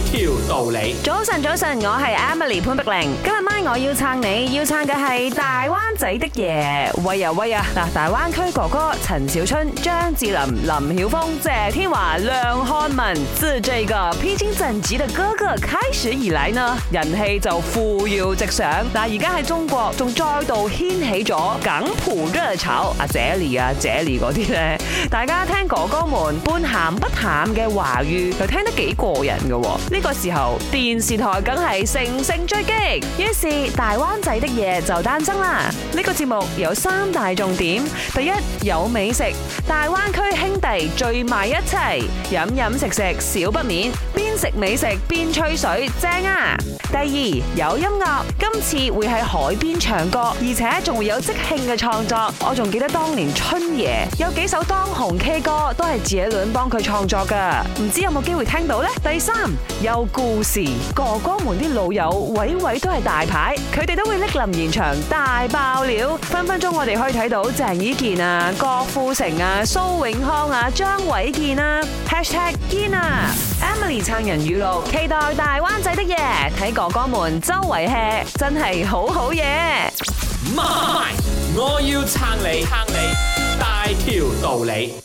條道理，早晨早晨，我係 Emily 潘碧玲，今日晚我要撐你，要撐嘅係大灣仔的夜，喂呀喂呀！嗱，大灣區哥哥陳小春、張智霖、林曉峰、謝天華、梁漢文，自這個披荊斬棘的哥哥開始以嚟呢，人氣就扶搖直上。嗱，而家喺中國仲再度掀起咗港普熱炒，阿 Jelly 啊 Jelly 嗰啲咧，大家聽哥哥們半鹹不淡嘅話語，就聽得幾過癮嘅喎。呢個時候電視台梗係乘勝追擊，於是大灣仔的夜就誕生啦。呢個節目有三大重點：第一，有美食，大灣區兄弟聚埋一齊，飲飲食食少不免；邊食美食邊吹水，正啊！第二，有音樂，今次會喺海邊唱歌，而且仲會有即興嘅創作。我仲記得當年春夜有幾首當紅 K 歌都係自己亂幫佢創作噶，唔知有冇機會聽到呢？第三。有故事，哥哥們啲老友位位都係大牌，佢哋都會拎臨現場大爆料，分分鐘我哋可以睇到鄭伊健啊、郭富城啊、蘇永康啊、張偉健啊、#Hashtag 堅啊 Emily 撐人語錄，期待大灣仔的夜，睇哥哥們周圍 hea，真係好好嘢。My, 我要撐你，撐你，大條道理。